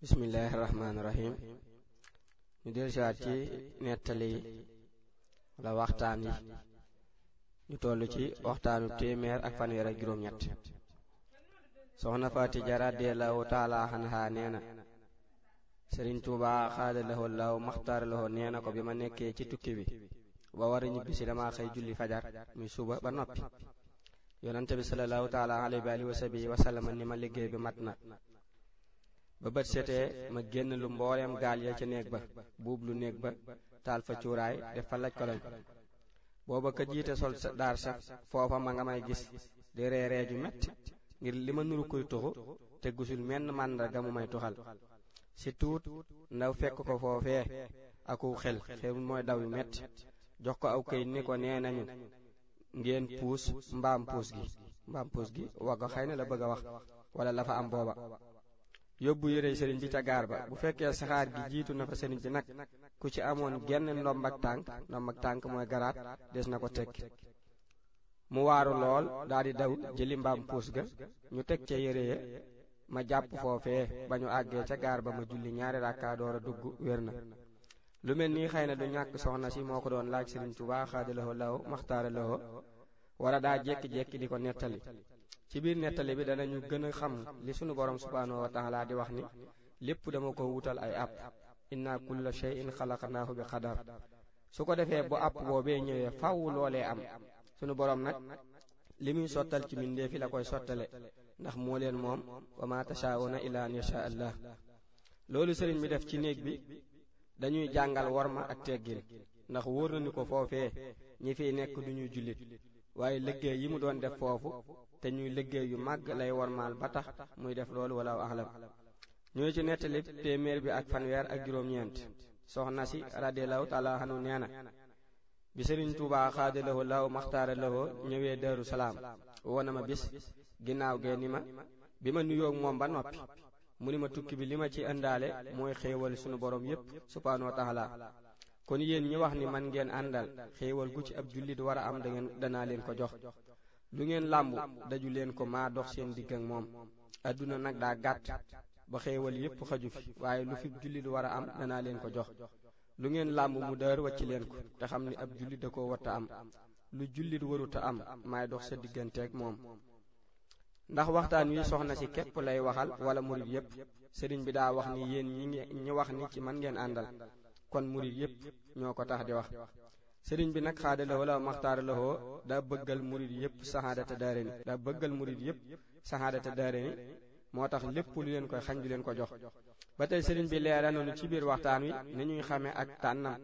bismillaahi rahmaani rahiim ñu dellusiwaat toll ci waxtaanu téeméer ak fanweer ak juróom-ñett soxna Faati Jara radiyallaahu taala nee na Sëriñ Tuubaa xaada lahu laaw nee na ko bi ma nekkee ci tukki bi ba war a ñibbisi dama xëy julli fajar muy suba ba noppi yonante bi sallallaahu taala alayhi wa alihi wa sahbihi wa sallam ni ma liggéey bi mat na ba bët setee ma génn lu mboolem gaal ya ca néeg ba buub lu néeg ba taal fa cuuraay def fa laj koloñ booba ka jiite sol daar sax foofa ma nga may gis di ree ree ju metti ngir li ma nuru koy tuxu te gisul menn màndarga mu may tuxal si tuut ndaw fekk ko foofee aku xel xel mooy daw yu metti jox ko aw këyit ni ko nee nañu ngeen puus mbaam puus gi mbaam puus gi wagga xëy na la bëgg a wax wala la fa am booba yóbbu yére sëriñ bi ca gaar ba bu fekkee saxaar gi jiitu na fa sëriñ bi nag ku ci amoon genn ndomb ak tànk ndomb ak tànk mooy garaat des na ko tekki mu waaru lool daal di daw jëli mbaam puus ga ñu teg ca yére ya ma jàpp foofee ba ñu àggee ca gaar ba ma julli ñaari rakkaa door a dugg wér na lu mel nii xëy na du ñàkk soxna si moo ko doon laaj sëriñ Tuubaa xaadalahoo law maxtaaralahoo wara daa jekki-jekki di ko nettali ci biir nettali bi danañu gën a xam li sunu borom subhaanahu wa taala di wax ni lépp dama ko wutal ay àpp inna kulla shay'in xalaqnaahu bi xadar su ko defee bu àpp boobee ñëwee fàww loolee am sunu borom nag li muy sottal ci mbindeef yi la koy sottale ndax moo leen moom wa ma tashaauna illa an allah loolu sëriñ bi def ci néeg bi dañuy jàngal warma ak teggin ndax wóor na ni ko foofee ñi fiy nekk duñuy jullit waaye liggéey yi mu doon def foofu te ñuy liggéey yu màgg lay wormaal ba tax muy def loolu wala axlam ñoo ci nettali téeméer bi ak fanweer ak juróom-ñeent soxna si radiyallahu taala anhu nee na bi sëriñ Tuubaa xaadalahu law maxtaara lahoo ñëwee Daaru Salaam woo na ma bis ginnaaw gee ni ma bi ma nuyoog moom ba noppi mu ni ma tukki bi li ma ci ëndaale mooy xéewal sunu borom yépp subhaanahu wa kon yéen ñi wax ni man ngeen àndal xéewal gu ci ab jullit war a am dangeen danaa leen ko jox lu ngeen làmb daju leen ko maa dox seen digg ak moom àdduna nag daa gàtt ba xéewal yépp xaju fi waaye lu fi jullit war am danaa leen ko jox lu ngeen làmb mu dër ci leen ko te xam ni ab jullit da koo watta am lu jullit waruta am maay dox sa digganteeg moom ndax waxtaan wi soxna si képp lay waxal wala murit yépp sëriñ bi daa wax ni yéen ñi ñi wax ni ci man ngeen àndal kon murid yépp ñoo ko tax di wax sëriñ bi nag xaadala wala maxtaara la woo daa bëggal murid yépp saxaadata daare ni daa bëggal murid yépp saxaadata daare ni moo tax lépp lu leen koy xañ du leen ko jox ba tey sëriñ bi leeral nañu ci biir waxtaan wi ni ñuy xamee ak tànnam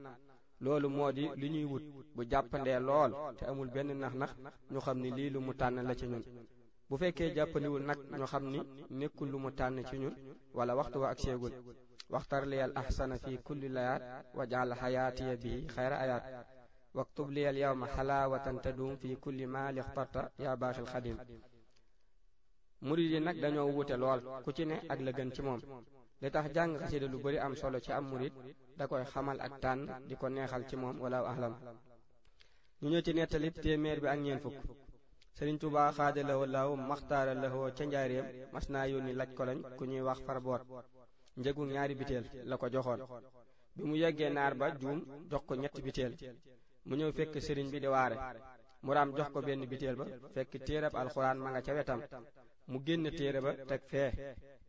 loolu moo di li ñuy wut bu jàppandee lool te amul benn nax-nax ñu xam ni lii lu mu tànn la ci ñun bu fekkee jàppandiwul nag ñu xam ni nekkul lu mu tànn ci ñun wala waxtu wa ak seegul waxtar liyal axsana fi kulli layaat wajal xayaatiya bi xayra ayaat waktub liyal yawma xalaawatan tadum fi kulli maa lixtarta yaa baaxil xadim murid yi nag dañoo wuute lool ku ci ne ak la gën ci moom li tax jàng xasida lu bari am solo ci am murid da koy xamal ak tànn di ko neexal ci moom wala ahlam ñu ñëw ci nettalib téeméer bi ak ñeen fukk sëriñ Tuubaa xaada lawo laaw maxtaara lawoo ca njaareem mas naa yónni laj koloñ ku ñuy wax farboot njëgu ñaari biteel la ko joxoon bi mu yeggee naar ba juum jox ko ñetti biteel mu ñëw fekk sëriñ bi di waare mu raam jox ko benn biteel ba fekk téerab alxuraan ma nga ca wetam mu génn téere ba teg fee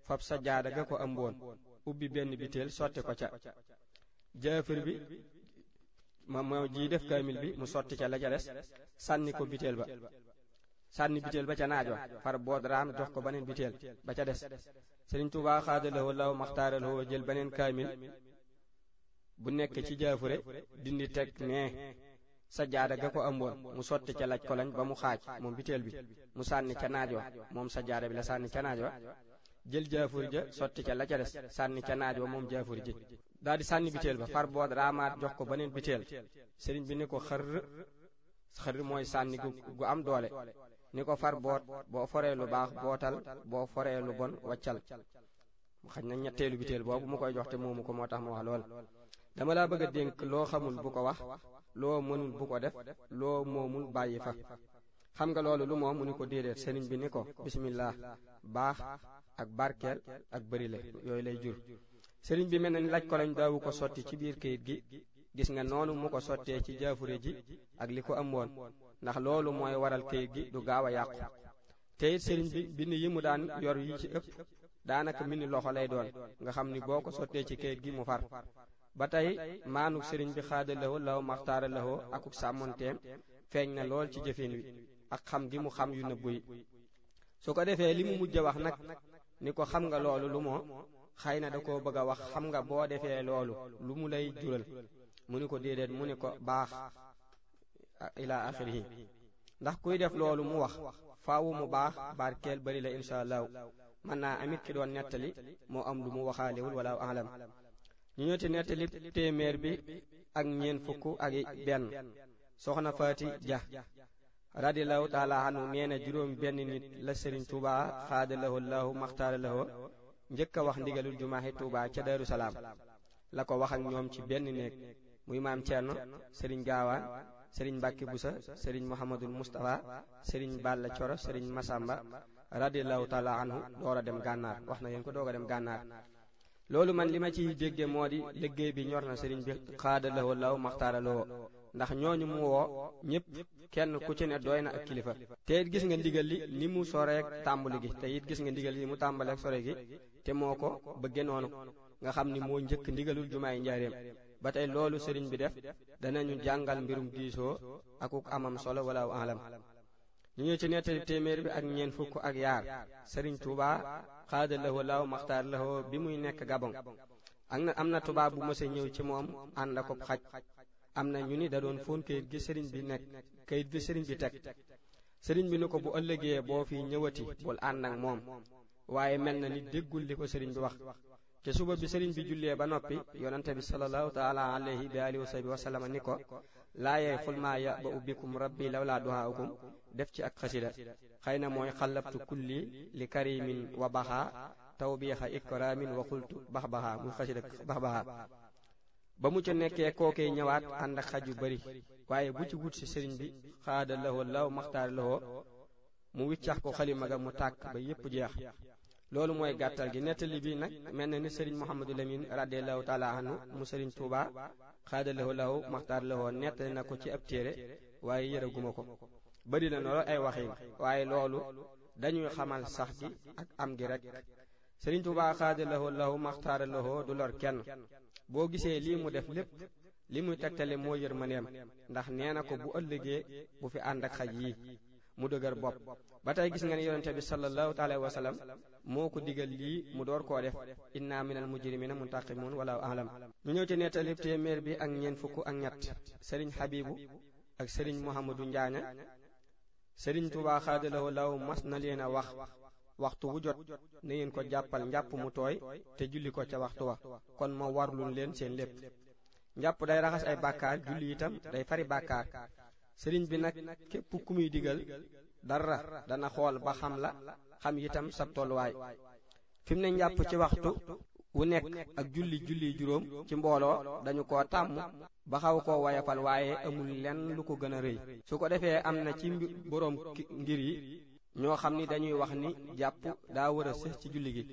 fab sa jaada ga ko ëmboon ubbi benn biteel sotti ko ca jaafir bi ma moo jii def kaamil bi mu sotti ca la ca des sànni ko biteel ba sànni biteel ba ca naaj wa far bood raam jox ko beneen biteel ba ca des sëriñ Tuubaa xaadalawoo law maxtaaralawoo jël beneen kaamil bu nekk ci jaafure dindi teg nee sa jaada ga ko am woon mu sotti ca laj kolañ ba mu xaaj moom biteel bi mu sànni ca naaj wa moom sa jaada bi la sànni ca naaj wa jël jaafur ja sotti ca la ca sànni ca naaj wa moom jaafur ji daal di sànni biteel ba far bood raamaat jox ko beneen biteel sëriñ bi ne ko xër xër mooy sànni gu am doole ni ko far boot boo foree lu baax bootal boo foree lu bon waccal mu xaj na ñetteelu biteel boobu mu koy jox te moomu ko moo tax mu wax lool dama laa bëgg a dénk loo xamul bu ko wax loo mënul bu ko def loo moomul bàyyi fa xam nga loolu lu moom mu ni ko déedéet sëriñ bi ni ko bisimilah baax ak barkeel ak bërile yooyu lay jur sëriñ bi mel na ni laaj ko lañ daawu ko sotti ci biir kayit gi gis nga noonu mu ko sottee ci jaafure ji ak li ko am ndax loolu mooy waral kayit gi du gaaw a yàqu te it sëriñ bi bind yi mu daan yor yi ci ëpp daanaka mbind loxo lay doon nga xam ni boo ko sottee ci kayit gi mu far ba tey maanuk sëriñ bi xaadalawo law maxtaara lawo akuk sàmmonteem feeñ na lool ci jëfin wi ak xam gi mu xam yu nëbbu yi su ko defee li mu mujj wax nag ni ko xam nga loolu lu moo xay na da koo bëgg a wax xam nga boo defee loolu lu mu lay jural mu ni ko déedéet mu ni ko baax ilaa axirihi ndax kuy def loolu mu wax faawu mu baax barkeel bari la incha allah mën naa amit ki doon nettali moo am lu mu waxaalewul wala alam ñu ñëti nettali téeméer bi ak ñeen fukk ak benn soxna faati ja radiallahu law anhu nee juróom benn nit la sëriñ tuuba xaadalahu lahu maxtaara lahu njëkk a wax ndigalul jumaahi tuuba ca daru salaam la ko wax ak ñoom ci benn néeg muy maam Cerno sëriñ gaawaan sëriñ Mbàkke Busa sëriñ Mouhamadul Moustapha sëriñ Balla Coro sëriñ Masamba radiallahu taala anhu door a dem gànnaar wax na leen ko doog a dem gànnaar loolu man li ma ciy dégge moo di liggéey bi ñor na sëriñ bi xaada lawo law maxtaara lawo ndax ñooñu mu woo ñëpp kenn ku ci ne doy na ak kilifa te it gis nga ndigal li ni mu soreek tàmbali gi te it gis nga ndigal li mu tàmbaleek sore gi te moo ko bëgge noonu nga xam ni moo njëkk ndigalul jumaay njaareem ba tey loolu sëriñ bi def dana ñu jàngal mbirum diisoo akuk amam solo wala alam ñu ñëw ci nettali téeméer bi ak ñeent fukk ak yaar sëriñ Touba xaada lawo law maxtaar lawo bi muy nekk Gabon ak na am na tubaab bu mësa ñëw ci moom ànd ak xaj am na ñu ni da doon gi sëriñ bi nekk kayit gi sëriñ bi teg sëriñ bi ni ko bu ëllëgee boo fi ñëwati bul ànd ak moom waaye mel na ni déggul li ko sëriñ bi wax te suba bi sëriñ bi jullee ba noppi yonente bi sallallahu taala alayhi bi alihi wa sahbi wa sallama ni ko laayee ful maa ya ba ubbikum rabbi law laa duhaakum def ci ak xasida xay na mooy xallabtu kulli li karimin wa baxaa tawbiixa ikramin wa xultu bax baxaa muy xasida bax baxaa ba mu ca nekkee kookee ñëwaat ànd ak xaj yu bari waaye bu ci wut si sëriñ bi xaada lahoo law maxtaar lahoo mu wiccax ko xalima ga mu tàkk ba yépp jeex loolu mooy gàttal gi nettali bi nag mel na ni sëriñ Mouhamadou Lamine radiallahu taala anhu mu sëriñ Touba xaadalaho lahu maxtaar lahoo nettali na ko ci ab téere waaye yërëguma ko bari na loolu ay waxin waaye loolu dañuy xamal sax gi ak am gi rek sëriñ Touba xaadalaho lahu maxtaar lahoo du lor kenn boo gisee lii mu def lépp li muy tegtale moo ma yërmandeem ndax nee na ko bu ëllëgee bu fi ànd ak xaj yi mu dëgër bopp ba tey gis nga ne yonente bi sallallahu taala wa sallam moo ko digal lii mu door koo def inna minal mujrimina muntaqimun wala alam ñu ñëw ci nettalib téeméer bi ak ñeen fukk ak ñett sëriñ xabibu ak sëriñ muhammadu njaaña sëriñ tubaa law mas na leen a wax waxtu wu jot na ngeen ko jàppal njàpp mu tooy te julli ko ca waxtu wa kon ma warlun leen seen lépp njàpp day raxas ay bàkkaar julli itam day fari bàkkaar sëriñ bi nag képp ku muy digal dara dana xool ba xam la xam itam sab tolluwaay fi mu ne njàpp ci waxtu wu nekk ak julli julli juróom ci mbooloo dañu ko tàmm ba xaw koo wayafal waaye amul lenn lu ko gën a rëy su ko defee am na ci boroom ngir yi ñoo xam ni dañuy wax ni jàpp daa war a sëx ci julli gi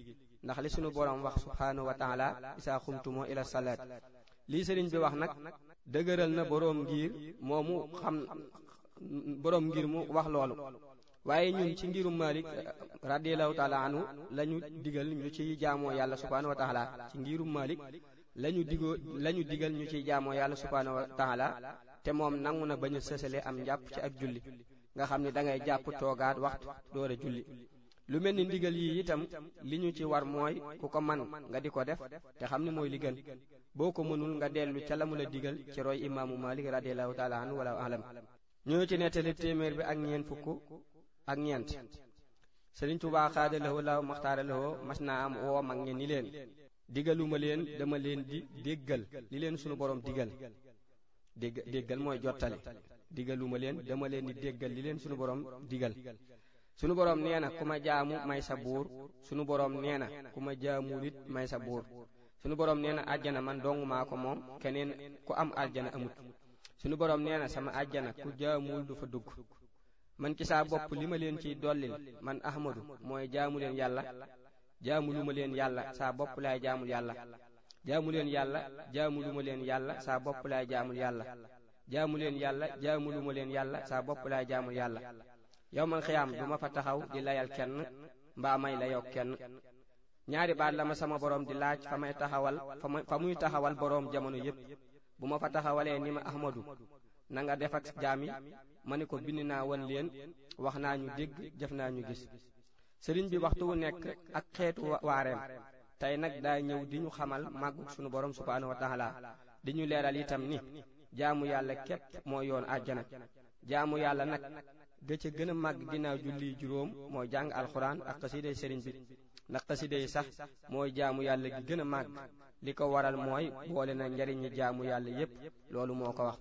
ndax li suñu boroom wax subhaanahu wa taala isaa xumtumo ila salaat lii sëriñ bi wax nag dëgëral na boroom ngir moomu xam boroom ngir mu wax loolu waaye ñun ci ngirum Malik radiyallahu taala anhu la ñu digal ñu ciy jaamoo yàlla subhaanahu wa taala ci ngirum Malik la ñu digoo la ñu digal ñu ciy jaamoo yàlla subhaanahu wa te moom nangu na bañ a sësale am njàpp ci ak julli nga xam ne da ngay jàpp toogaat waxtu door a julli lu mel ni ndigal yi itam li ñu ci war mooy ku ko man nga di ko def te xam ne mooy li gën boo ko mënul nga dellu ca la mu la digal ci roy imaamu Malik radiyallahu taala anhu wala alam ak ñeent Sëriñ Tuubaa xaada lawoo la maxtaara lawoo mas naa am woo mag ñi ni leen digaluma leen dama leen di déggal li leen sunu borom digal dégg déggal mooy jottali digaluma leen dama leen di déggal li leen sunu borom digal sunu borom nee na ku ma jaamu may sa buur sunu boroom nee na ku ma jaamul it may sa buur sunu borom nee na àjjana man dongumaa ko moom keneen ku am àjjana amut sunu borom nee na sama àjjana ku jaamul du fa dugg man ci saa bopp li ma leen ciy dollil man ahmadu mooy jaamu leen yàlla jaamu lu ma leen yàlla saa bopp laay jaamul yàlla jaamu leen yàlla jaamu lu ma leen yàlla saa bopp laay jaamul yàlla jaamu leen yàlla jaamu lu leen yàlla saa bopp laay yàlla yowmal xiyaam du ma fa taxaw di layal kenn mbaa may la yow kenn ñaari baat la ma sama boroom di laaj fa may taxawal fa muy taxawal boroom jamono yépp bu ma fa taxawalee ni ma ahmadu na nga def ak jaam yi ma ne ko bind naa wan leen wax naa ñu dégg jëf naa ñu gis sëriñ bi waxtu wu nekk ak xeetu waareem tey nag daa ñëw di ñu xamal màggug sunu borom subhaanahu wa taala di ñu leeral tam ni jaamu yàlla képp mooy yoon àjjana jaamu yàlla nag ga ca gën a màgg ginnaaw julli juróom mooy jàng alxuraan ak xasiday sëriñ bi ndax xasida yi sax mooy jaamu yàlla gi gën a màgg li ko waral mooy boole na njariñi jaamu yàlla yépp loolu moo ko wax